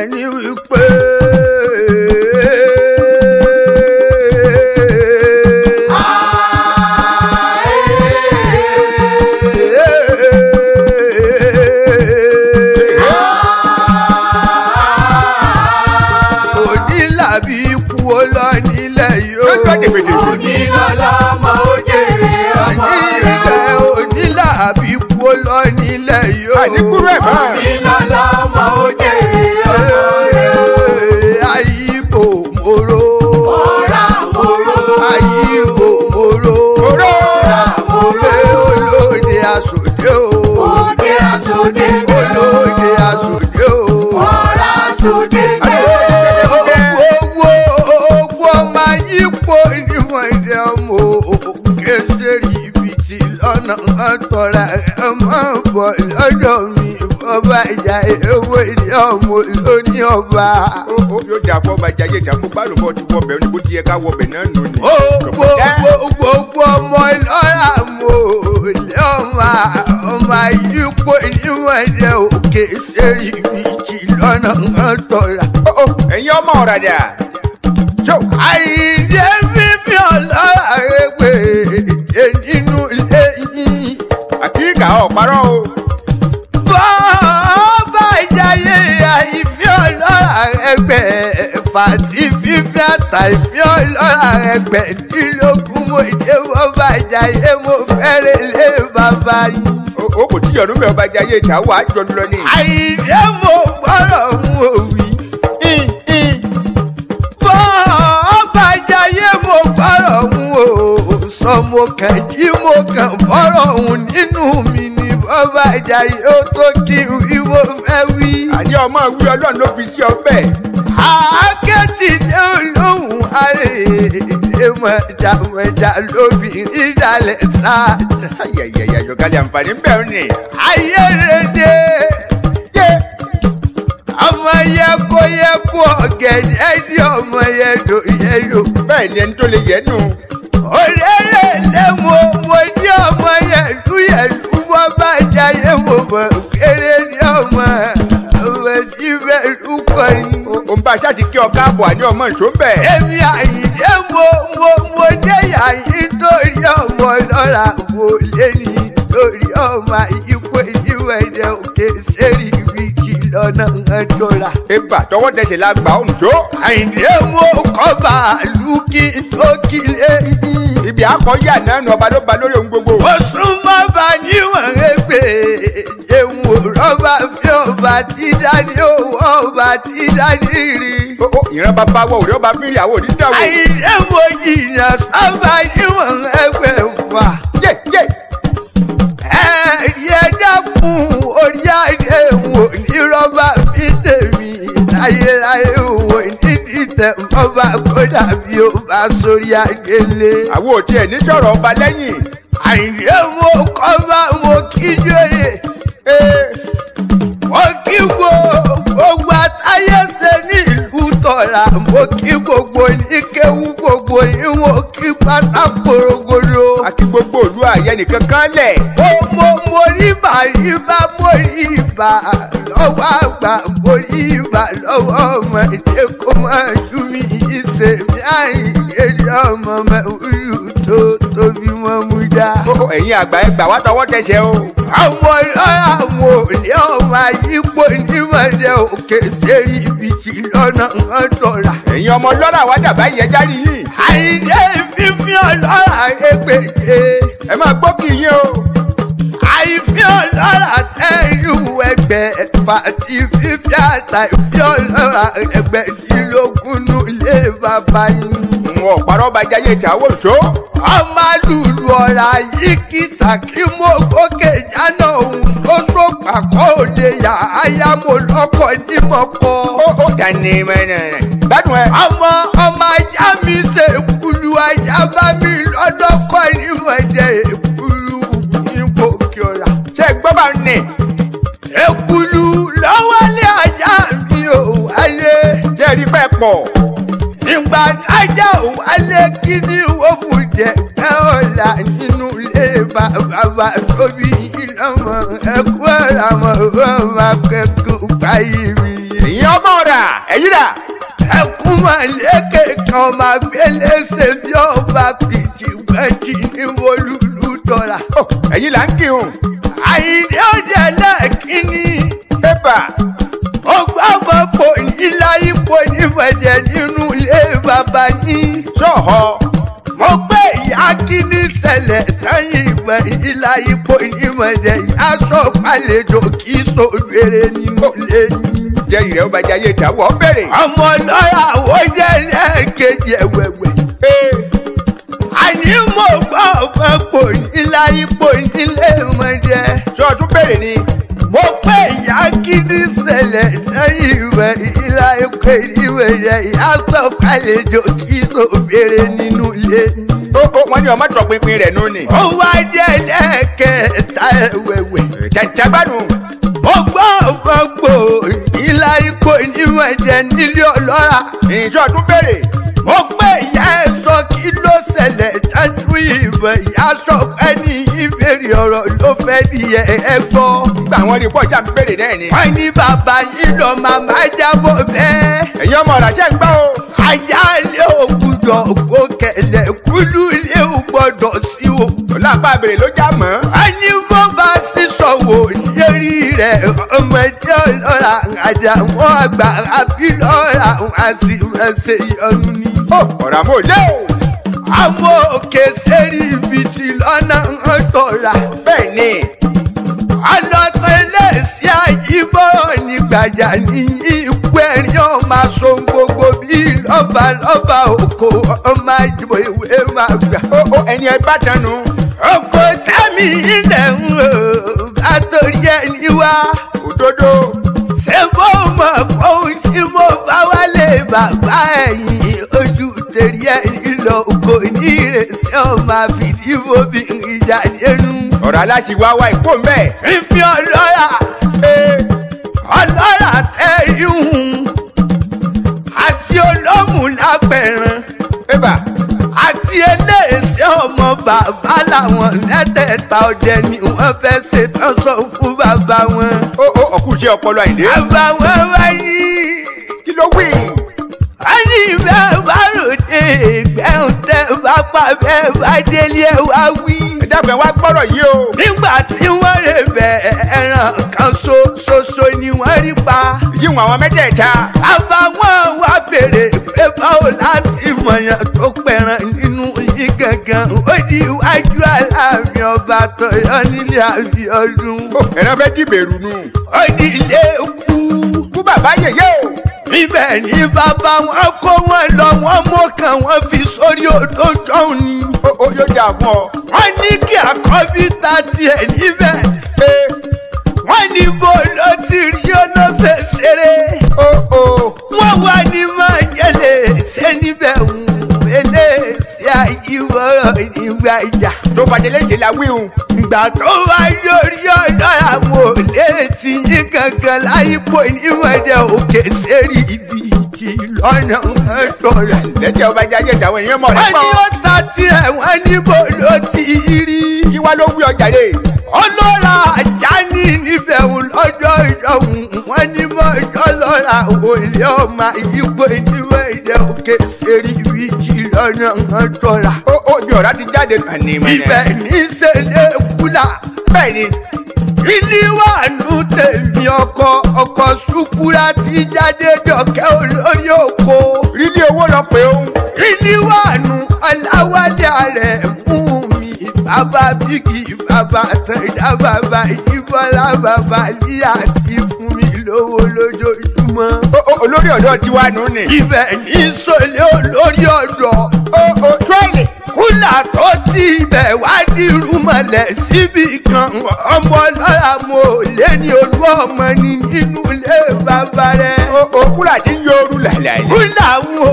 ẹni wípé. òdìlà bí ikú ọlọ́nilẹ̀ ọmọ lóní ọba. ó yóò jà fọba jayé ìjàpọ̀ gbàlùbọ̀ ti wọbẹ̀ ní bó ti yẹ ká wọbẹ̀ náà nù ni. ó gbogbo ọmọ ìlọ́ra mo lé ọmọ ọmọ yípo níwọ̀nde òkè sẹ́rí mi jì lọ́nà kan tọ̀ra. ẹ̀yin ọmọ ọ̀ràdà. àìdè fífi ọlọ́ra rẹ̀ pé nínú ilé yìí. àkíkà ọ̀parọ́ o. ẹgbẹ́ ẹ̀fà tí fífi àtà ìfí ọlọ́ra ẹgbẹ́ nílógún mo jẹ́ wọ́n bá jayé mo fẹ́rẹ̀ lé bàbá yìí. o kò tíyọ̀ nínú ọba jayé ìjà wàá jọ lọ ni. àyíjẹ́ mo gbọ́dọ̀ mú òwì. bọ́ ọba jayé mo gbọ́dọ̀ mú o sọ mo kàn jí mo kàn bọ́rọ̀ òun nínú mi ni ọba ìjàyè ó tó di ìwọ fẹ́ wí. àní ọmọ ìwé ọlọ́run ló fi sí ọbẹ̀. àákẹ́tì lóhùn àrè èmọ̀jà mọ̀jà lóbìnrin ìdálẹ̀ sáà. ayẹyẹ yọ̀gálẹ̀ àǹfààní bẹ́ẹ̀ ni. ayé rẹ̀ dé ọmọ yẹ kó yẹ kó ọ̀gẹ̀dẹ̀ ẹni ọmọ yẹ lò yẹ ẹni tó lè yẹ bá a ṣáàtì kí ọ káàbọ̀ àní ọmọ ìṣó ń bẹ̀. èmi àyíjẹ́ mo mo mo jẹ́yà yìí torí ọmọ lọ́ra wo lé ní torí ọmọ ìyípo ìdíwọ̀ ẹ̀jẹ̀ òkè sẹ́rí wíkì lọ́nà ẹ̀jọ̀ra. ìgbà tọwọ́ tẹsẹ̀ la gbà ọ̀hún ṣó. àyíjẹ́ mo kọ́ bàálù kí n tó kí lé yìí ibi àkọ́yà náà nù ọba ló ba lórí ohun gbogbo. ó súnmọ́ bá níwọ̀n rẹ̀ pé ewu rọ́bà fi ọba tí dání owó ọba tí dání rí. ìran bàbá wọ òde ọba fún ìyàwó dídá wò. àìdè mo jìnnà sábà níwọ̀n ẹgbẹ́ fà. ẹ̀rí ẹ̀dá fún orí àdé wò ní rọ́bà fi tèmi láyéláyé wò nídìí tẹ̀ ọba kódà bí ó bá sórí àgbélé. àwọn òtí ẹ̀ ní sọ̀rọ̀ ọba lẹ́yìn. àìdè mo kọ́ bá mo kíjọ́ yẹ. lára mo kí gbogbo ní kéwú gbogbo ní wọn kí pátá porogodo. àti gbogbo òlu àyẹ nìkan kan lẹ̀. mo mo mo rí bá rí bá mo rí bá lọ́wọ́ àgbà mo rí bá lọ́wọ́ ọmọ ìdè kó máa ju mi ìṣe mi àyìn eré ọmọ mẹ́wúrú tó tóbi mọ́ mọ́ dáadáa. ẹ̀yin àgbà ẹ gbà wá tọwọ́ tẹsẹ̀ o. àwọn ọlọ́wọ́ ni ọmọ àyípo onímọ̀lẹ́ òkè sẹ́rí ibi tí lọ́nà wọn tọ̀ra. ẹ̀yin ọmọ lọ́ra wá dàbá yẹn járí yìí. àìdé fífi ọlọ́ra ẹgbẹ̀je. ẹ máa gbọ́ kì í yín o. àìfi ọlọ́ra tẹ́ ìlú ẹgbẹ́ fàtí fífi àtàìfi ọlọ́ra ẹgbẹ́ ìlógún nulẹ̀ bàbá yín wọn parọ́ bá jayé tí àwọn òjò. ọmọ alùlù ọ̀rá yìí kìtà kí mo gòkè jáná òun ṣoṣo pàkọ́ òde yà áyá mo lọ́kọ̀ ní mọ́kọ́. ó ó dàní mẹ́rin. gbádùn ọmọ ọmọ ajá mi ṣe èkúlù ajá bá mi lọ́dọ́kọ̀ ní mọ̀jẹ̀ èkúlù ní gòkè ọ̀rá. ṣé gbọ́ bá ní. èkúlù lọ́wọ́lé ajá mi ò wálé. jẹ́rìí pẹ́ pọ̀ àgbà ajá ò wálé kí ni wọ́n mú jẹ ẹ ọ̀la nínú ilé bàbá tóbi ìlọ́mọ ẹkú ọ̀la mọ̀ wọ́n máa kẹ́kọ̀ọ́ báyìí mi. èyí ọmọ rà ẹ̀yìn rà. ẹkún máa lékè kan máa gbélé ṣe bí ọba pìtì wẹ́ẹ̀tì ní wọlúlú tọ́ra. ẹ̀yin là ń kí o. àyìnlẹ́ ọ̀dẹ náà ni. pépà. ó gbọ́ bọ́ pò nílá ipò nífẹ̀ẹ́ nínú bàbá yín ṣọ̀họ́. mo gbé ìyá kíní ṣẹlẹ̀ sẹ́yìn ìmọ̀ ìlà ipò ìmọ̀ ẹ̀dẹ̀ ìyá sọ pàlejò kì í so rere ni mo lè yín. jẹ́ ìrẹ́ ó bá jẹ́ ayé ìdáwọ́ bẹ̀rẹ̀. ọmọ lọ́yà ó jẹ́ lẹ́ẹ̀kejì ẹ̀wẹ̀wẹ̀. àní mo gbọ́ ọmọ pò ipò nílé ìmọ̀ ẹ̀dẹ̀. bẹ̀rẹ̀ ni. mo pẹ́ gidi ṣẹlẹ̀ sẹ́yìn ìwẹ̀ ìlà epo ìwẹ̀ rẹ̀ ìyàtọ̀ kálejò kí sòbèrè nínú ilé. ó kó wọn ní ọmọ tọpinpin rẹ̀ nù ni. ó wá jẹ́ ẹlẹ́kẹ̀ẹ́ta ẹ̀wẹ̀wẹ̀. jẹjẹ gbádùn. ó gbọ́ ọ̀fọ̀gbò ìlà epo ìwẹ̀ jẹ nílé ọlọ́ra. ìjọ tún bèrè. ó pè ìyá ẹ̀ sọ kí ló ṣẹlẹ̀ tẹ́tù ìwẹ̀ ìyá sọ pẹ́ nìyí béèrè ọ̀rọ̀ ló fẹ́ di ẹ ẹ gbọ́. nígbà wọn rí pọ́jà mi béèrè náà ni. wọ́n ní bàbá yìí lọ màmá jábọ̀ bẹ́ẹ̀. ẹ̀yin ọmọ ọ̀rọ̀ ṣẹ́ ń gbọ́ o. ajá lé ògùdọ̀ ògbókẹ̀lẹ̀ kúlú lé ògbọ́dọ̀ sí o. lọ́la bá a béèrè ló já mọ́. a ní wọ́n bá sísọ wò lérí rẹ̀ ọmọdé ọlọ́ra àdàwọ̀ àgbà àbí lọ́ra àti ẹsẹ̀ ìyọnu ni. ó ọ̀rọ̀ àmọ́ òde àmọ́ òkè sẹ́rí ibìtì lọ́nà ń tọ̀ra. bẹ́ẹ̀ni. ọlọ́tọ̀ iléeṣẹ́ àyíbọ̀ ní gbàjà ní ikú ẹ̀rín ọmọ aṣọ gbogbo bíi lọ́ba lọ́ba òkò ọmọ ìdìbò ìwé máa gbà. ó ẹni ẹ bá oko tẹ́mi ilẹ̀ ń lò bá torí ẹni wá. òdodo. ṣé mo mọ̀ kó tí mo bá wálé bàbá ẹ̀yìn ìrèsí ọmọ àfìdí obìnrin jàdénu. ọ̀rọ̀ aláṣìwá wa ìkó mbẹ́. fífi ọlọ́ra ọlọ́ra tẹ́ ihun àti olómù lápẹ̀rán. ẹ̀bà. àti eléèsí ọmọ bàbá làwọn mẹ́tẹ̀ẹ̀ta ọdẹ ni wọ́n fẹ́ ṣetán sọ fún bàbá wọn. ó ó ọkùnrin ṣe ọpọlọ àìdè. bàbá wáyé. kí ló wí ẹni bẹ́ẹ̀ bá ròde gbẹ̀hùn tẹ́ bá pa bẹ́ẹ̀ bá délé ẹ wá wí. ẹ dábàá wá gbọ́rọ̀ yìí o. nígbà tí wọ́n rè bẹ̀ ẹran kan ṣoṣo ni wọ́n rí pa. yíwọ̀n àwọn mẹ́tẹ̀ẹ̀ta. àbáwọn wá béèrè pé báwo láti mọ̀yàn tó pẹ̀ràn nínú yìí gangan ó di iwájú aláàfin ọba tọyọ nílé àbí ọdún. ẹ̀rọ fẹ́ dìbèrú nù. ó di ilé kú ibẹ̀ ní bàbá wọn kó wọn lọ wọn mọ̀kàn wọn fi sórí odò jọ̀hún ni. ó yóò jà fún ọ. wọ́n ní kí àkọ́bí ta tiẹ̀ níbẹ̀. wọ́n ní bó ló ti rí ọ̀nà ṣe ṣeré. wọ́n wà ní. olúwa ìjà tó fàdé léṣe la wí o. ìgbà tó wá lórí ọ̀dọ́ àwọn òlétí yín kankan láyípo ìnímọ̀dé òkè sẹ́rí ibi ti lọ́nà ẹ̀tọ́ rẹ̀. lẹ́tẹ̀ ọba jẹ́ ajẹ́jà àwọn èèyàn mọ̀ rẹ̀ pọ̀. wọ́n ní ó ta tiẹ̀ wọ́n níbo ló ti rí. kí wá ló wí ọjà rẹ̀. ọlọ́ra ajá ní níbẹ̀ òun lọ́jọ́ ìjọ òun wọ́n ní mọ́ ìjọ lọ́ra òun òkè sẹ́rí wíjì lọ́nà ọ̀dọ́là. ó ó bí ti jáde. ibẹ̀ ní sẹ́lẹ̀ kúlà. bẹ́ẹ̀ni. ilé wà nù tèmi ọkọ ọkọ sukura ti jáde dọ̀kẹ́ olórí oko. rílé owó lọ pé o. ilé wà nù aláwálé rẹ̀ mú mi bàbá bíkì bàbá tẹ̀dá bàbá ìbọ̀lá bàbá líyà ti lówó lójoojúmọ́. olórí ọ̀dọ́ ti wá nù ni. ibẹ̀ ní sọlẹ̀ olórí ọ̀dọ́. tọ́ìlì kúlà tó ti ibẹ̀ wá dirú mọ̀lẹ̀ síbi kan. ọmọ lọ́la mo lé ní olú ọmọ ní inú ilé bàbá rẹ̀. kúlà ti ń yọ orú làlàyé. kúlà ń ò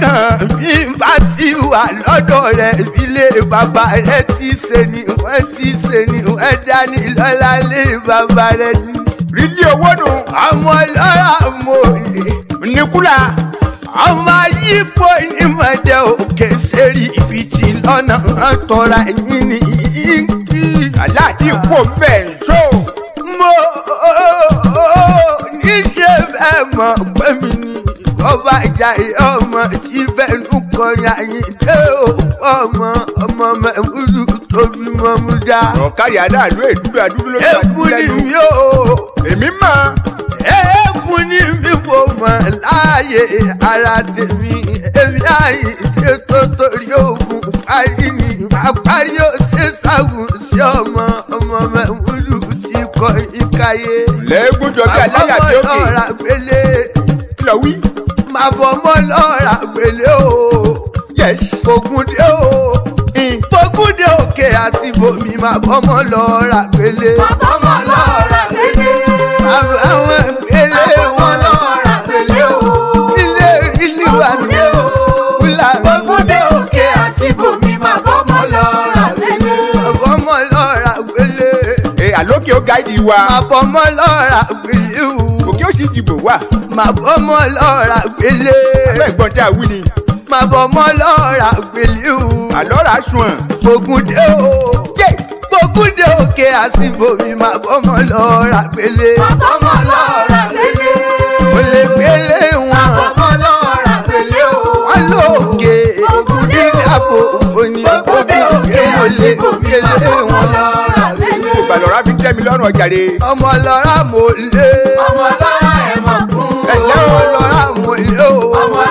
kan bí n bá ti wà lọ́dọ̀ rẹ̀ ilé bàbá rẹ̀ ti ṣe ni wọ́n ti ṣe ni wọ́n dání lọ́lá lé bàbá rẹ̀ ni. rídí owó nù. ọmọ lọ́ra mo lè níkúlà. ọmọ yípo ní mọ̀dẹ òkè sẹ́rí ibi tí lọ́nà ń tọ́ra yín ni yín kí. aláàdì kò bẹ́ẹ̀ tó. mo ní ṣe bẹ́ẹ̀ mọ̀ pé mi ní ọba Ìjàyè ọmọ tí fẹnu kọrin Àyìndé ọmọ ọmọ mẹmúlù tó bímọ múdá. ọ̀ka yàrá àlọ́ èdúrà dúró lọ́sàn-án. èkú ni mi ò. èmi mọ̀. èkú ni mi kò mọ̀ láàyè ara tèmi èmi Àyìndé tó torí ogun parí ni parí ó ṣe sáwùn sí ọmọ ọmọ mẹmúlù tí kọrin káyé. lẹ́gùn jọ bí aláyà tí ó kè. àwọn ọ̀rọ̀ àgbélé. kí ló wí máa bọ̀ mọ́ lọ́ra pẹ̀lẹ́ o Ògúndé o Ògúndé hmm. òkè àsìbòmí máa bọ̀ mọ́ lọ́ra pẹ̀lẹ́. ma bọ̀ mọ́ lọ́ra pẹ̀lẹ́. àwọn pẹ̀lẹ́ wọn lọ́ra pẹ̀lẹ́ o ilé ilé wa ni o kúlà mi. Ògúndé òkè àsìbòmí máa bọ̀ mọ́ lọ́ra pẹ̀lẹ́. máa bọ̀ mọ́ lọ́ra pẹ̀lẹ́. ẹ eh, àlókè ó gáìdì wa. máa bọ̀ mọ́ lọ́ra pẹ̀lẹ́ ìdìbò wà. màá bọ́ mọ́ lọ́ra gbélé. abẹ́ ìgbọ́n tí a wí ni. màá bọ́ mọ́ lọ́ra gbélé o. àlọ́ra sùn. ogun o. ogun dé òkè àsìbò mi màá bọ́ mọ́ lọ́ra gbélé. màá bọ́ mọ́ lọ́ra gbélé. mo lè gbélé wọn. màá bọ́ mọ́ lọ́ra gbélé o. wọ́n lóògè ogun dé àpò òní. ogun dé òkè àsìbò mi màá bọ́ mọ́ lọ́ra gbélé ọmọ lọ́ra mo lé. ọmọ lọ́ra ọlọ́run ilé o. ọmọ